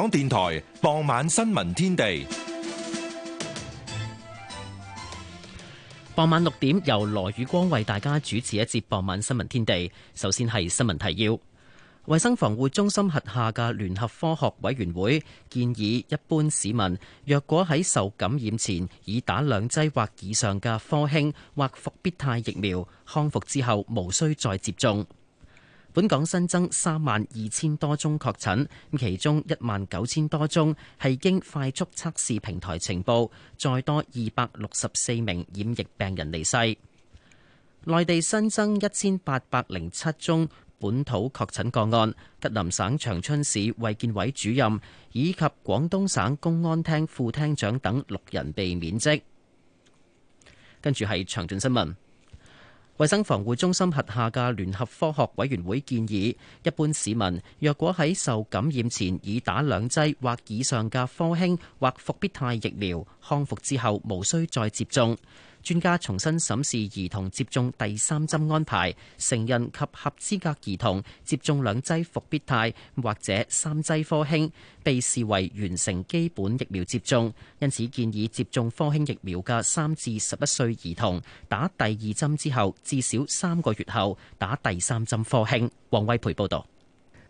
香港電台傍晚新聞天地，傍晚六點由羅宇光為大家主持一節傍晚新聞天地。首先係新聞提要：衛生防護中心轄下嘅聯合科學委員會建議，一般市民若果喺受感染前已打兩劑或以上嘅科興或復必泰疫苗，康復之後無需再接種。本港新增三萬二千多宗確診，其中一萬九千多宗係經快速測試平台呈報，再多二百六十四名染疫病人離世。內地新增一千八百零七宗本土確診個案，吉林省長春市衛健委主任以及廣東省公安廳副廳長等六人被免職。跟住係長進新聞。衞生防護中心轄下嘅聯合科學委員會建議，一般市民若果喺受感染前已打兩劑或以上嘅科興或復必泰疫苗，康復之後無需再接種。專家重新審視兒童接種第三針安排，成人及合資格兒童接種兩劑復必泰或者三劑科興，被視為完成基本疫苗接種。因此建議接種科興疫苗嘅三至十一歲兒童，打第二針之後至少三個月後打第三針科興。王威培報導。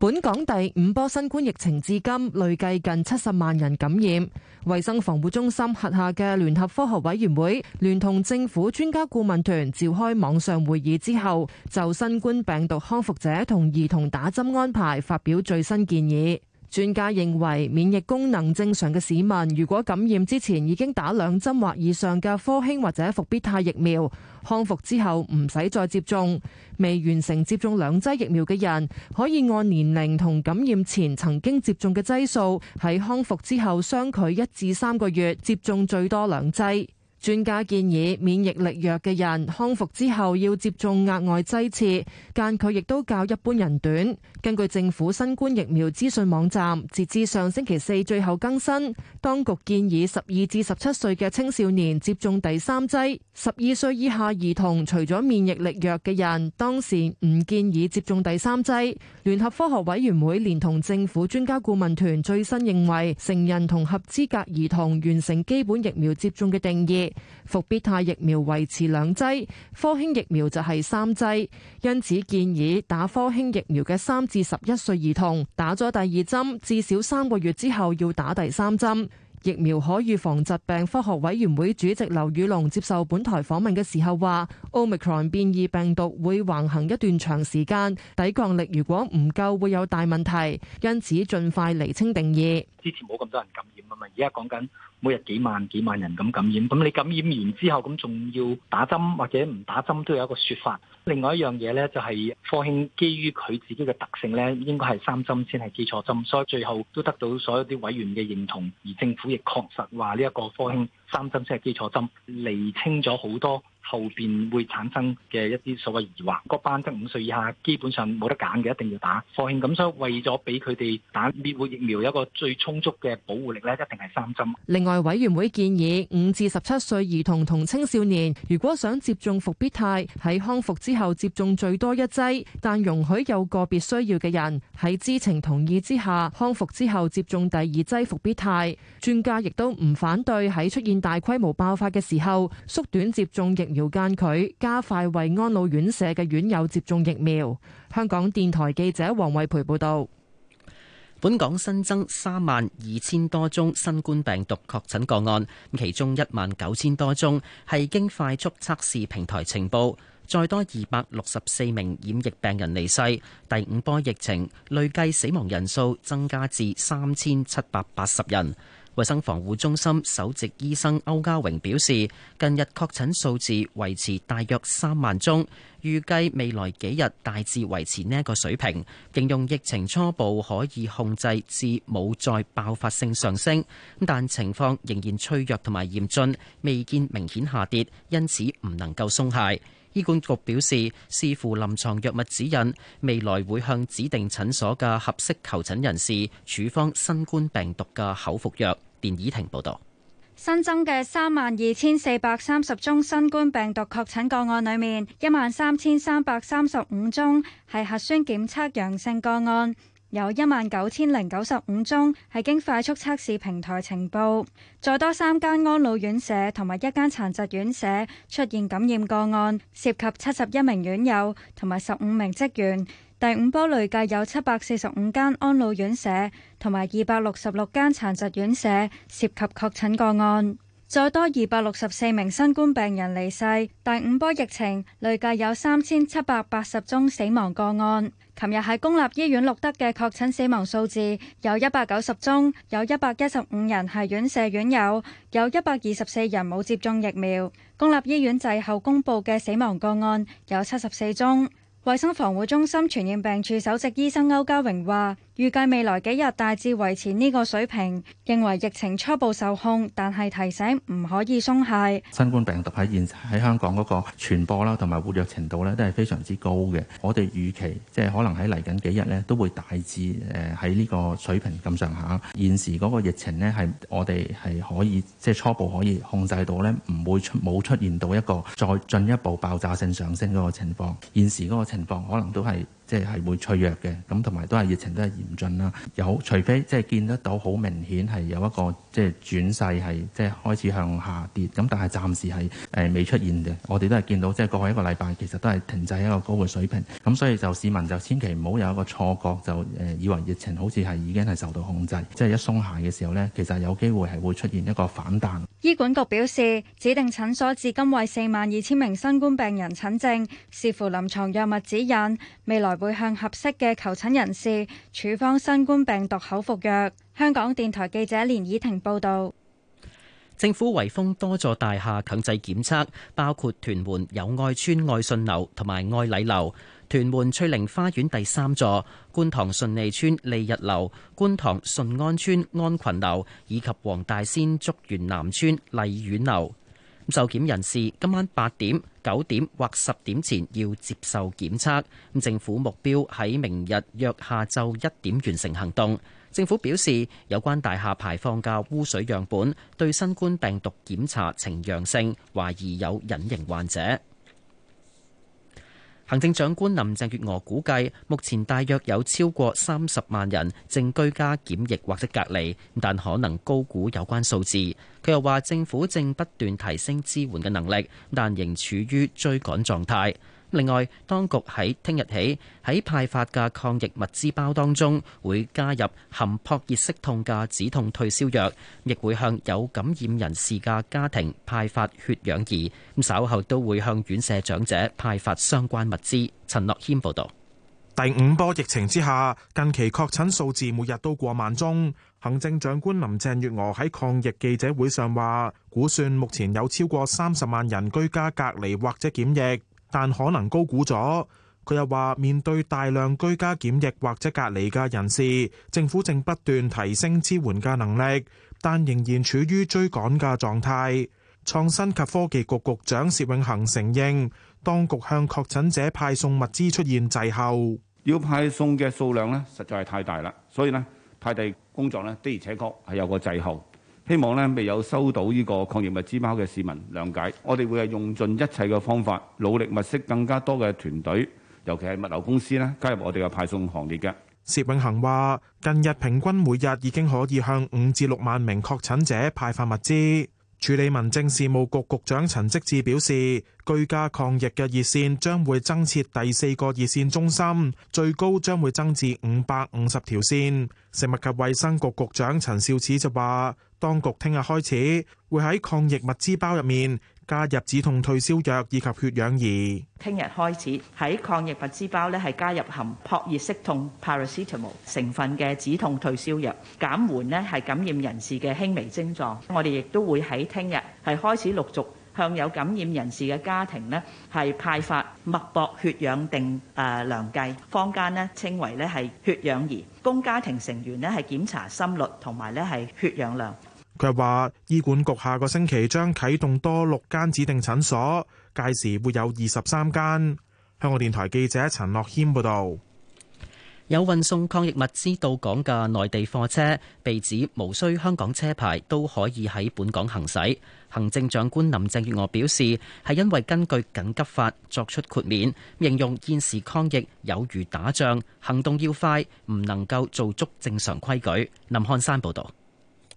本港第五波新冠疫情至今累計近七十萬人感染，衛生防護中心轄下嘅聯合科學委員會聯同政府專家顧問團召開網上會議之後，就新冠病毒康復者同兒童打針安排發表最新建議。專家認為，免疫功能正常嘅市民，如果感染之前已經打兩針或以上嘅科興或者復必泰疫苗，康復之後唔使再接種。未完成接種兩劑疫苗嘅人，可以按年齡同感染前曾經接種嘅劑數，喺康復之後相距一至三個月接種最多兩劑。專家建議免疫力弱嘅人康復之後要接種額外劑次，間距亦都較一般人短。根據政府新冠疫苗資訊網站，截至上星期四最後更新，當局建議十二至十七歲嘅青少年接種第三劑；十二歲以下兒童除咗免疫力弱嘅人，當時唔建議接種第三劑。聯合科學委員會連同政府專家顧問團最新認為，成人同合資格兒童完成基本疫苗接種嘅定義。復必泰疫苗維持兩劑，科興疫苗就係三劑。因此建議打科興疫苗嘅三至十一歲兒童打咗第二針，至少三個月之後要打第三針。疫苗可預防疾病科學委員會主席劉宇龍接受本台訪問嘅時候話，奧密克戎變異病毒會橫行一段長時間，抵抗力如果唔夠會有大問題，因此盡快厘清定義。之前冇咁多人感染啊嘛，而家講緊。每日幾萬幾萬人咁感染，咁你感染完之後咁仲要打針或者唔打針都有一個説法。另外一樣嘢呢，就係科興基於佢自己嘅特性呢，應該係三針先係基礎針，所以最後都得到所有啲委員嘅認同，而政府亦確實話呢一個科興三針先係基礎針，釐清咗好多。後邊會產生嘅一啲所謂疑惑，個班得五歲以下基本上冇得揀嘅，一定要打。奉勸咁，所以為咗俾佢哋打滅活疫苗有一個最充足嘅保護力呢，一定係三針。另外，委員會建議五至十七歲兒童同青少年，如果想接種復必泰，喺康復之後接種最多一劑，但容許有個別需要嘅人喺知情同意之下康復之後接種第二劑復必泰。專家亦都唔反對喺出現大規模爆發嘅時候縮短接種疫苗。調間佢加快為安老院舍嘅院友接種疫苗。香港電台記者黃惠培報道，本港新增三萬二千多宗新冠病毒確診個案，其中一萬九千多宗係經快速測試平台情報。再多二百六十四名染疫病人離世，第五波疫情累計死亡人數增加至三千七百八十人。衛生防護中心首席醫生歐家榮表示，近日確診數字維持大約三萬宗，預計未來幾日大致維持呢一個水平，形容疫情初步可以控制，至冇再爆發性上升。但情況仍然脆弱同埋嚴峻，未見明顯下跌，因此唔能夠鬆懈。醫管局表示，視乎臨床藥物指引，未來會向指定診所嘅合適求診人士處方新冠病毒嘅口服藥。連綺婷報道，新增嘅三萬二千四百三十宗新冠病毒確診個案裏面，一萬三千三百三十五宗係核酸檢測陽性個案，有一萬九千零九十五宗係經快速測試平台呈報，再多三間安老院舍同埋一間殘疾院舍出現感染個案，涉及七十一名院友同埋十五名職員。第五波累計有七百四十五間安老院舍同埋二百六十六間殘疾院舍涉及確診個案，再多二百六十四名新冠病人離世。第五波疫情累計有三千七百八十宗死亡個案。琴日，喺公立醫院錄得嘅確診死亡數字有一百九十宗，有一百一十五人係院舍院友，有一百二十四人冇接種疫苗。公立醫院滯後公佈嘅死亡個案有七十四宗。衛生防護中心傳染病處首席醫生歐家榮話。預計未來幾日大致維持呢個水平，認為疫情初步受控，但係提醒唔可以鬆懈。新冠病毒喺現喺香港嗰個傳播啦，同埋活躍程度咧都係非常之高嘅。我哋預期即係、就是、可能喺嚟緊幾日咧，都會大致誒喺呢個水平咁上下。現時嗰個疫情咧係我哋係可以即係、就是、初步可以控制到咧，唔會出冇出現到一個再進一步爆炸性上升嗰個情況。現時嗰個情況可能都係。即係係會脆弱嘅，咁同埋都係疫情都係嚴峻啦。有除非即係見得到好明顯係有一個即係轉勢係即係開始向下跌，咁但係暫時係誒未出現嘅。我哋都係見到即係過去一個禮拜其實都係停滯一個高嘅水平，咁所以就市民就千祈唔好有一個錯覺，就誒以為疫情好似係已經係受到控制，即係一鬆懈嘅時候呢，其實有機會係會出現一個反彈。醫管局表示，指定診所至今為四萬二千名新冠病人診症，視乎臨床藥物指引，未來，會向合適嘅求診人士處方新冠病毒口服藥。香港電台記者連以婷報道，政府圍封多座大廈強制檢測，包括屯門友愛邨愛信樓同埋愛禮樓、屯門翠寧花園第三座、觀塘順利邨利日樓、觀塘順安邨安群樓以及黃大仙竹園南邨梨園樓。受檢人士今晚八點、九點或十點前要接受檢測。政府目標喺明日約下晝一點完成行動。政府表示，有關大廈排放嘅污水樣本對新冠病毒檢查呈陽性，懷疑有隱形患者。行政長官林鄭月娥估計，目前大約有超過三十萬人正居家檢疫或者隔離，但可能高估有關數字。佢又話，政府正不斷提升支援嘅能力，但仍處於追趕狀態。另外，當局喺聽日起喺派發嘅抗疫物資包當中，會加入含撲熱息痛嘅止痛退燒藥，亦會向有感染人士嘅家庭派發血氧儀。咁稍後都會向院舍長者派發相關物資。陳樂謙報導。第五波疫情之下，近期確診數字每日都過萬宗。行政長官林鄭月娥喺抗疫記者會上話，估算目前有超過三十萬人居家隔離或者檢疫。但可能高估咗。佢又話：面對大量居家檢疫或者隔離嘅人士，政府正不斷提升支援嘅能力，但仍然處於追趕嘅狀態。創新及科技局局長薛永恒承認，當局向確診者派送物資出現滯後，要派送嘅數量呢實在係太大啦，所以呢，派遞工作呢的而且確係有個滯後。希望咧未有收到呢個抗疫物資包嘅市民諒解，我哋會係用盡一切嘅方法，努力物色更加多嘅團隊，尤其係物流公司咧，加入我哋嘅派送行列嘅。薛永恒話：近日平均每日已經可以向五至六萬名確診者派發物資。處理民政事務局局長陳積志表示，居家抗疫嘅熱線將會增設第四個熱線中心，最高將會增至五百五十條線。食物及衛生局局長陳肇始就話，當局聽日開始會喺抗疫物資包入面。加入止痛退燒藥以及血氧儀。聽日開始喺抗疫物資包咧，係加入含撲熱息痛 （paracetamol） 成分嘅止痛退燒藥，減緩咧係感染人士嘅輕微症狀。我哋亦都會喺聽日係開始陸續向有感染人士嘅家庭咧係派發脈搏血氧定誒量計，坊間咧稱為咧係血氧儀，供家庭成員咧係檢查心率同埋咧係血氧量。佢話：醫管局下個星期將啟動多六間指定診所，屆時會有二十三間。香港電台記者陳樂軒報導。有運送抗疫物資到港嘅內地貨車，被指無需香港車牌都可以喺本港行駛。行政長官林鄭月娥表示，係因為根據緊急法作出豁免，形容現時抗疫有如打仗，行動要快，唔能夠做足正常規矩。林漢山報導。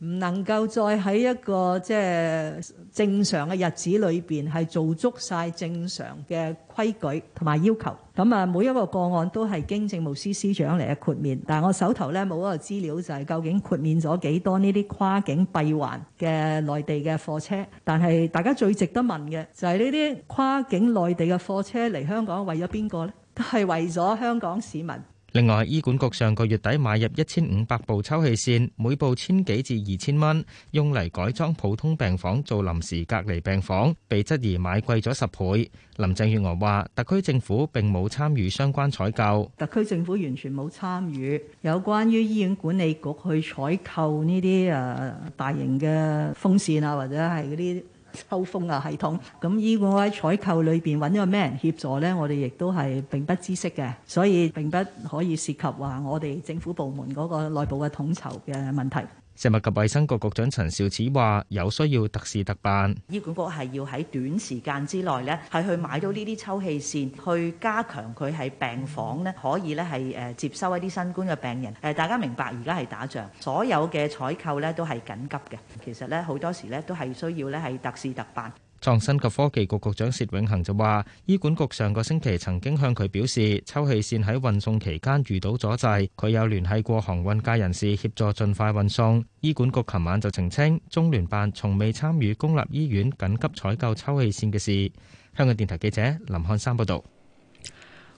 唔能夠再喺一個即係、就是、正常嘅日子裏邊係做足晒正常嘅規矩同埋要求。咁啊，每一個個案都係經政務司司長嚟嘅豁免。但係我手頭咧冇一個資料，就係究竟豁免咗幾多呢啲跨境閉環嘅內地嘅貨車。但係大家最值得問嘅就係呢啲跨境內地嘅貨車嚟香港為咗邊個呢？都係為咗香港市民。另外，醫管局上個月底買入一千五百部抽氣扇，每部千幾至二千蚊，用嚟改裝普通病房做臨時隔離病房，被質疑買貴咗十倍。林鄭月娥話，特區政府並冇參與相關採購，特區政府完全冇參與。有關於醫院管理局去採購呢啲誒大型嘅風扇啊，或者係嗰啲。抽風啊系統，咁依個喺採購裏邊揾咗個咩人協助咧？我哋亦都係並不知悉嘅，所以並不可以涉及話我哋政府部門嗰個內部嘅統籌嘅問題。食物及衛生局局長陳肇始話：有需要特事特辦，醫管局係要喺短時間之內呢係去買到呢啲抽氣線，去加強佢喺病房呢可以呢係誒接收一啲新冠嘅病人。誒大家明白，而家係打仗，所有嘅採購呢都係緊急嘅。其實呢，好多時呢都係需要呢係特事特辦。創新及科技局局長薛永恆就話，醫管局上個星期曾經向佢表示，抽氣線喺運送期間遇到阻滯，佢有聯繫過航運界人士協助盡快運送。醫管局琴晚就澄清，中聯辦從未參與公立醫院緊急採購抽氣線嘅事。香港電台記者林漢山報道。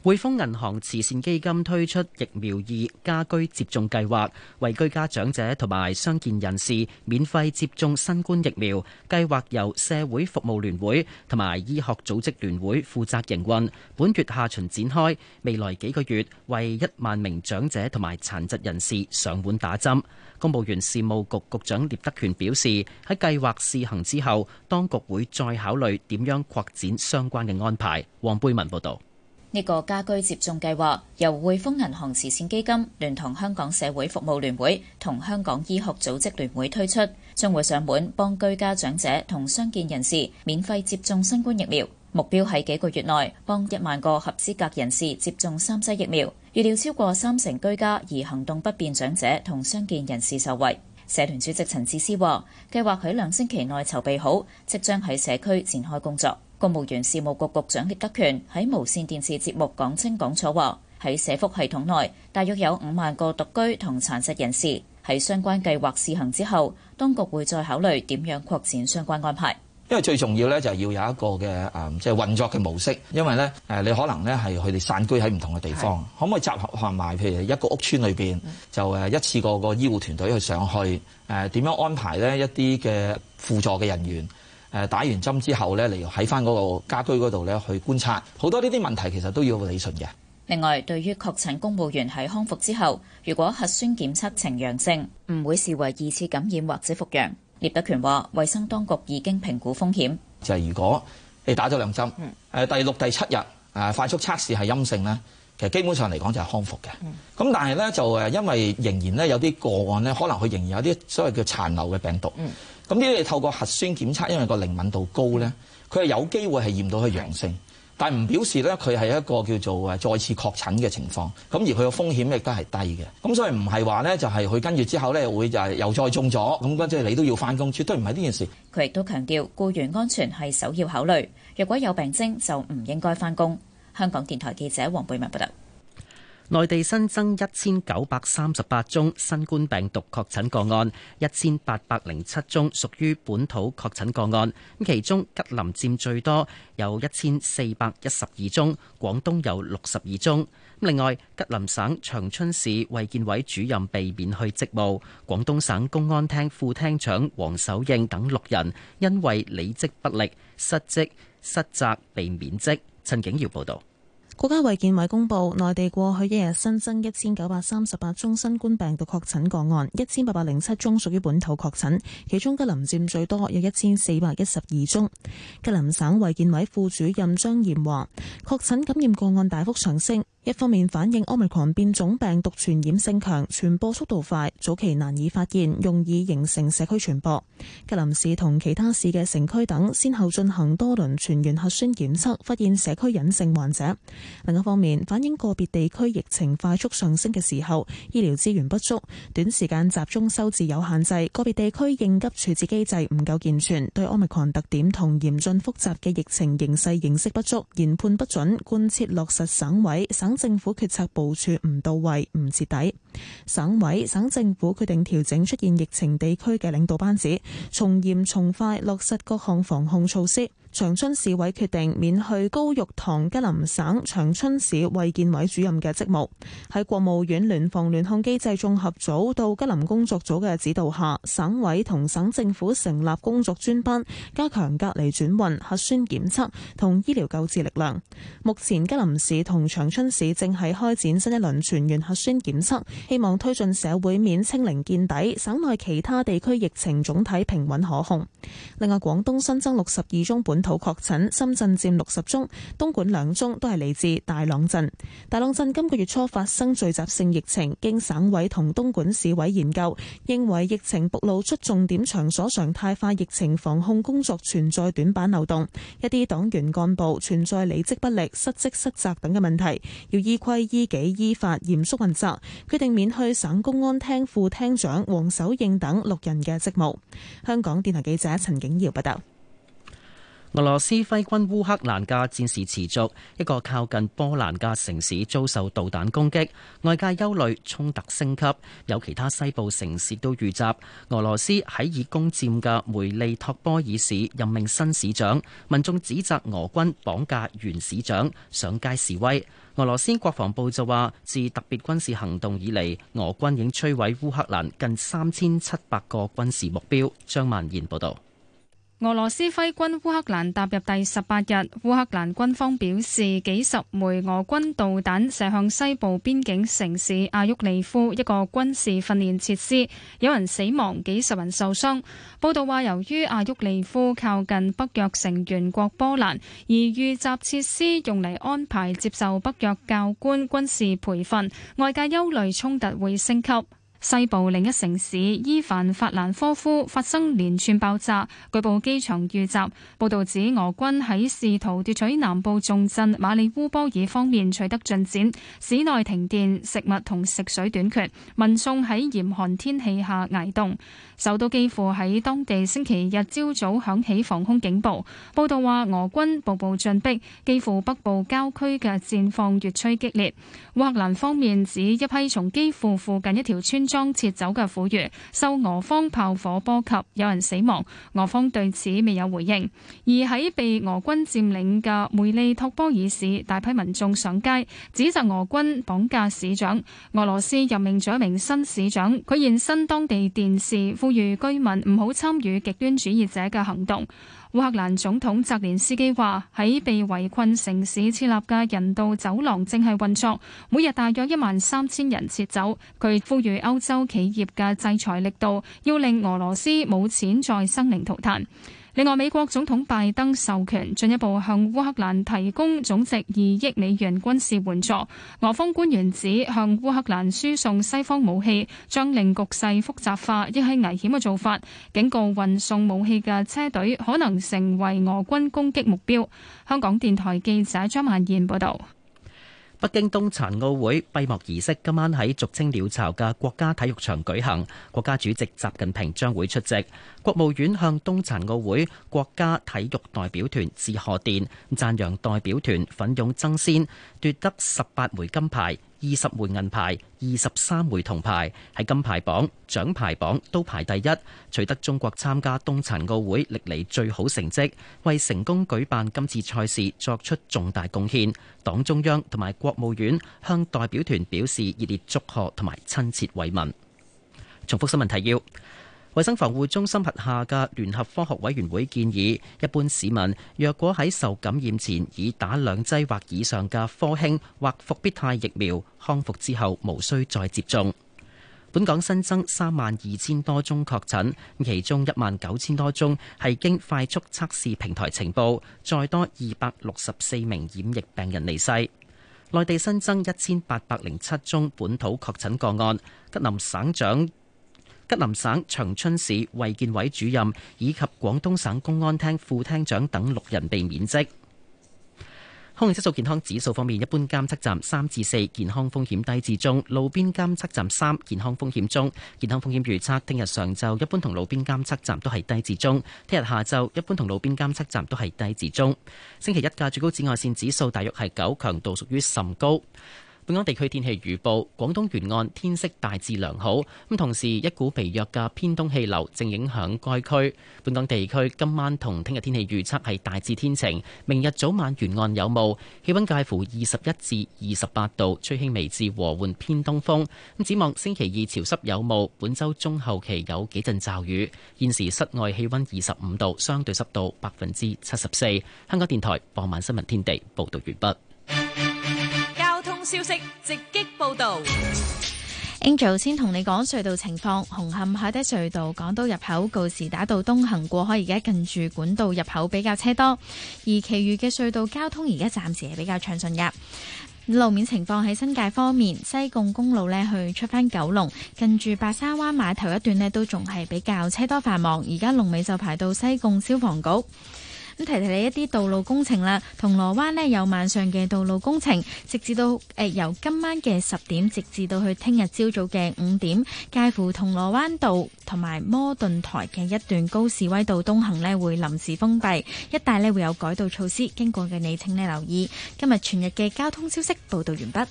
匯豐銀行慈善基金推出疫苗二家居接種計劃，為居家長者同埋傷健人士免費接種新冠疫苗。計劃由社會服務聯會同埋醫學組織聯會負責營運，本月下旬展開，未來幾個月為一萬名長者同埋殘疾人士上門打針。公務員事務局局，局長聶德權表示，喺計劃試行之後，當局會再考慮點樣擴展相關嘅安排。黃貝文報道。呢個家居接種計劃由滙豐銀行慈善基金聯同香港社會服務聯會同香港醫學組織聯會推出，將會上門幫居家長者同傷健人士免費接種新冠疫苗，目標喺幾個月內幫一萬個合資格人士接種三劑疫苗。預料超過三成居家而行動不便長者同傷健人士受惠。社團主席陳智思話計劃喺兩星期內籌備好，即將喺社區展開工作。公務員事務局局長聶德權喺無線電視節目《講清講楚》話，喺社福系統內，大約有誒打完針之後咧，嚟喺返嗰個家居嗰度咧去觀察，好多呢啲問題其實都要理順嘅。另外，對於確診公務員喺康復之後，如果核酸檢測呈陽性，唔會視為二次感染或者復陽。聶德權話，衞生當局已經評估風險，就係如果你、欸、打咗兩針，誒第六、第七日誒快、啊、速測試係陰性咧，其實基本上嚟講就係康復嘅。咁、嗯、但係咧就誒，因為仍然咧有啲個案咧，可能佢仍然有啲所謂叫殘留嘅病毒。嗯咁呢啲係透過核酸檢測，因為個靈敏度高咧，佢係有機會係驗到佢陽性，但唔表示咧佢係一個叫做誒再次確診嘅情況。咁而佢嘅風險亦都係低嘅。咁所以唔係話咧，就係佢跟住之後咧會就係又再中咗咁，即係你都要翻工，絕對唔係呢件事。佢亦都強調，僱員安全係首要考慮。若果有病徵，就唔應該翻工。香港電台記者黃貝文報道。內地新增一千九百三十八宗新冠病毒確診個案，一千八百零七宗屬於本土確診個案。咁其中吉林占最多，有一千四百一十二宗，廣東有六十二宗。另外，吉林省長春市衛健委主任被免去職務，廣東省公安廳副廳長黃守應等六人因為履職不力、失職失責被免職。陳景堯報道。國家衛健委公布，內地過去一日新增一千九百三十八宗新冠病毒確診個案，一千八百零七宗屬於本土確診，其中吉林占最多，有一千四百一十二宗。吉林省衛健委副主任張艷華，確診感染個案大幅上升，一方面反映奧密克戎變種病毒傳染性強、傳播速度快，早期難以發現，容易形成社區傳播。吉林市同其他市嘅城區等先後進行多輪全員核酸檢測，發現社區隱性患者。另一方面，反映個別地區疫情快速上升嘅時候，醫療資源不足，短時間集中收治有限制；個別地區應急處置機制唔夠健全，對奧密克戎特點同嚴峻複雜嘅疫情形勢認識不足，研判不準，貫徹落實省委省政府決策部署唔到位、唔徹底。省委省政府決定調整出現疫情地區嘅領導班子，從嚴從快落實各項防控措施。長春市委決定免去高玉堂吉林省長春市衛健委主任嘅職務。喺國務院聯防聯控機制綜合組到吉林工作組嘅指導下，省委同省政府成立工作專班，加強隔離轉運、核酸檢測同醫療救治力量。目前，吉林市同長春市正喺開展新一輪全員核酸檢測，希望推進社會面清零見底。省內其他地區疫情總體平穩可控。另外，廣東新增六十二宗本。本土確診，深圳佔六十宗，東莞兩宗都係嚟自大朗鎮。大朗鎮今個月初發生聚集性疫情，經省委同東莞市委研究，認為疫情暴露出重點場所常態化疫情防控工作存在短板漏洞，一啲黨員幹部存在履職不力、失職失責等嘅問題，要依規依紀依法嚴肅問責，決定免去省公安廳副廳長黃守應等六人嘅職務。香港電台記者陳景堯報道。俄羅斯揮軍烏克蘭嘅戰事持續，一個靠近波蘭嘅城市遭受導彈攻擊，外界憂慮衝突升級，有其他西部城市都遇襲。俄羅斯喺已攻佔嘅梅利托波爾市任命新市長，民眾指責俄軍綁架原市長，上街示威。俄羅斯國防部就話，自特別軍事行動以嚟，俄軍已經摧毀烏克蘭近三千七百個軍事目標。張曼燕報道。俄羅斯揮軍烏克蘭踏入第十八日，烏克蘭軍方表示，幾十枚俄軍導彈射向西部邊境城市阿沃利夫一個軍事訓練設施，有人死亡，幾十人受傷。報道話，由於阿沃利夫靠近北約成員國波蘭，而預習設施用嚟安排接受北約教官軍事培訓，外界憂慮衝突會升級。西部另一城市伊凡法蘭科夫發生連串爆炸，據報機場遇襲。報道指俄軍喺試圖奪取南部重鎮馬里烏波爾方面取得進展，市內停電、食物同食水短缺，民眾喺嚴寒天氣下挨凍。首都基輔喺當地星期日朝早響起防空警報。報道話俄軍步步進逼，基輔北部郊區嘅戰況越趨激烈。烏克蘭方面指一批從基輔附，附近一條村。裝撤走嘅婦孺，受俄方炮火波及，有人死亡。俄方對此未有回應。而喺被俄軍佔領嘅梅利托波爾市，大批民眾上街，指責俄軍綁架市長。俄羅斯任命咗一名新市長，佢現身當地電視，呼籲居民唔好參與極端主義者嘅行動。烏克蘭總統澤連斯基話：喺被圍困城市設立嘅人道走廊正係運作，每日大約一萬三千人撤走。佢呼籲歐洲企業嘅制裁力度，要令俄羅斯冇錢再生靈塗炭。另外，美國總統拜登授權進一步向烏克蘭提供總值北京冬殘奧會閉幕儀式今晚喺俗稱鳥巢嘅國家體育場舉行，國家主席習近平將會出席。國務院向冬殘奧會國家體育代表團致賀電，讚揚代表團奮勇爭先，奪得十八枚金牌，二十枚銀牌，二十三枚銅牌，喺金牌榜、獎牌榜都排第一，取得中國參加冬殘奧會歷嚟最好成績，為成功舉辦今次賽事作出重大貢獻。黨中央同埋國務院向代表團表示熱烈祝賀同埋親切慰問。重複新聞提要。衞生防護中心轄下嘅聯合科學委員會建議，一般市民若果喺受感染前已打兩劑或以上嘅科興或復必泰疫苗，康復之後無需再接種。本港新增三萬二千多宗確診，其中一萬九千多宗係經快速測試平台呈報。再多二百六十四名染疫病人離世。內地新增一千八百零七宗本土確診個案。吉林省長吉林省長春市衛健委主任以及廣東省公安廳副廳長等六人被免職。空氣質素健康指數方面，一般監測站三至四，健康風險低至中；路邊監測站三，健康風險中。健康風險預測：聽日上晝一般同路邊監測站都係低至中；聽日下晝一般同路邊監測站都係低至中。星期一嘅最高紫外線指數大約係九，強度屬於甚高。本港地區天氣預報，廣東沿岸天色大致良好，咁同時一股微弱嘅偏東氣流正影響該區。本港地區今晚同聽日天氣預測係大致天晴，明日早晚沿岸有霧，氣溫介乎二十一至二十八度，吹輕微至和緩偏東風。咁展望星期二潮濕有霧，本周中後期有幾陣驟雨。現時室外氣溫二十五度，相對濕度百分之七十四。香港電台傍晚新聞天地報道完畢。消息直擊報道，Angel 先同你講隧道情況。紅磡海底隧道港島入口告士打道東行過海，而家近住管道入口比較車多，而其餘嘅隧道交通而家暫時係比較暢順噶。路面情況喺新界方面，西貢公路呢去出返九龍，近住白沙灣碼頭一段呢都仲係比較車多繁忙，而家龍尾就排到西貢消防局。提提你一啲道路工程啦，銅鑼灣呢，有晚上嘅道路工程，直至到誒、呃、由今晚嘅十點直至到去聽日朝早嘅五點，介乎銅鑼灣道同埋摩頓台嘅一段高士威道東行呢，會臨時封閉，一帶呢，會有改道措施，經過嘅你請你留意。今日全日嘅交通消息報道完畢。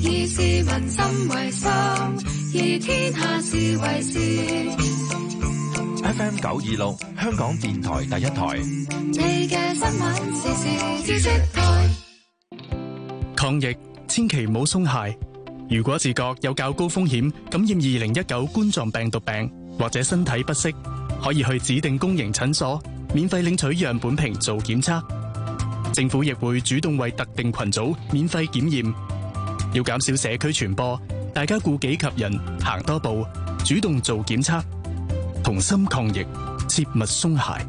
以 FM 九二六，香港電台第一台。抗疫，千祈唔好鬆懈。如果自覺有較高風險感染二零一九冠狀病毒病，或者身體不適，可以去指定公營診所免費領取樣本瓶做檢測。政府亦會主動為特定群組免費檢驗。要減少社區傳播，大家顧己及人，行多步，主動做檢測。同心抗疫，切勿鬆懈。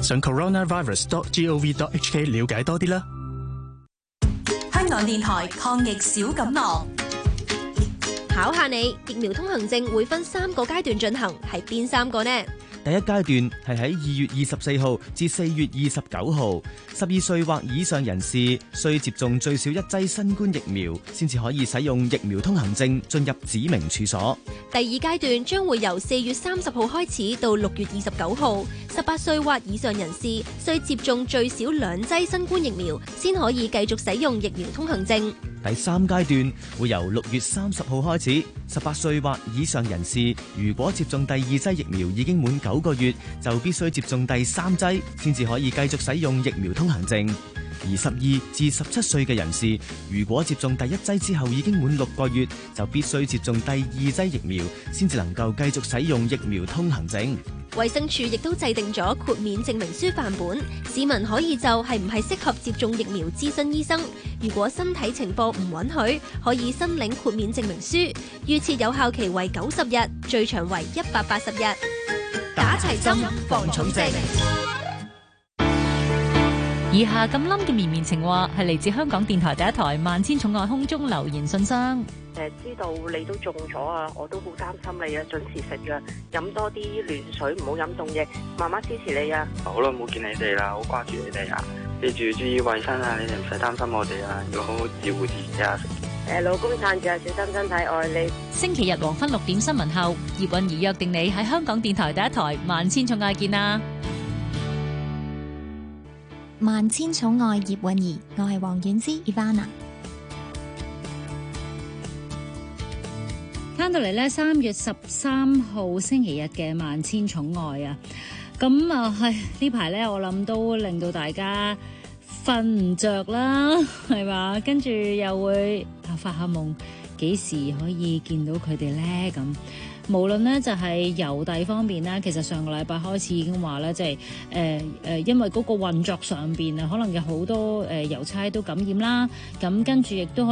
上 coronavirus.gov.hk 瞭解多啲啦。香港電台抗疫小錦囊，考下你。疫苗通行證會分三個階段進行，係邊三個呢？第一階段係喺二月二十四號至四月二十九號，十二歲或以上人士需接種最少一劑新冠疫苗，先至可以使用疫苗通行證進入指明處所。第二階段將會由四月三十號開始到六月二十九號，十八歲或以上人士需接種最少兩劑新冠疫苗，先可以繼續使用疫苗通行證。第三階段會由六月三十號開始，十八歲或以上人士如果接種第二劑疫苗已經滿九個月就必須接種第三劑，先至可以繼續使用疫苗通行證。而十二至十七歲嘅人士，如果接種第一劑之後已經滿六個月，就必須接種第二劑疫苗，先至能夠繼續使用疫苗通行證。衛生署亦都制定咗豁免證明書範本，市民可以就係唔係適合接種疫苗諮詢醫生。如果身體情況唔允許，可以申領豁免證明書，預設有效期為九十日，最長為一百八十日。齊心防重症。以下咁冧嘅綿綿情話係嚟自香港電台第一台《萬千寵愛》空中留言信箱。誒，知道你都中咗啊，我都好擔心你啊，準時食藥，飲多啲暖水，唔好飲凍嘢，慢慢支持你啊。好耐冇見你哋啦，好掛住你哋啊，記住注意衛生啊，你哋唔使擔心我哋啊，要好好照顧自己啊。誒，老公撐住啊，小心身體，愛你。星期日黃昏六點新聞後，葉韻兒約定你喺香港電台第一台《萬千寵愛》見啊，《萬千寵愛》葉韻兒，我係王菀之 Ivana。翻到嚟呢三月十三號星期日嘅《萬千寵愛》啊，咁啊係呢排呢，我諗都令到大家。瞓唔着啦，係嘛？跟住又會啊發下夢，幾時可以見到佢哋咧？咁無論咧就係郵遞方面咧，其實上個禮拜開始已經話咧，即係誒誒，因為個運作上邊啊，可能有好多誒郵差都感染啦，咁跟住亦都。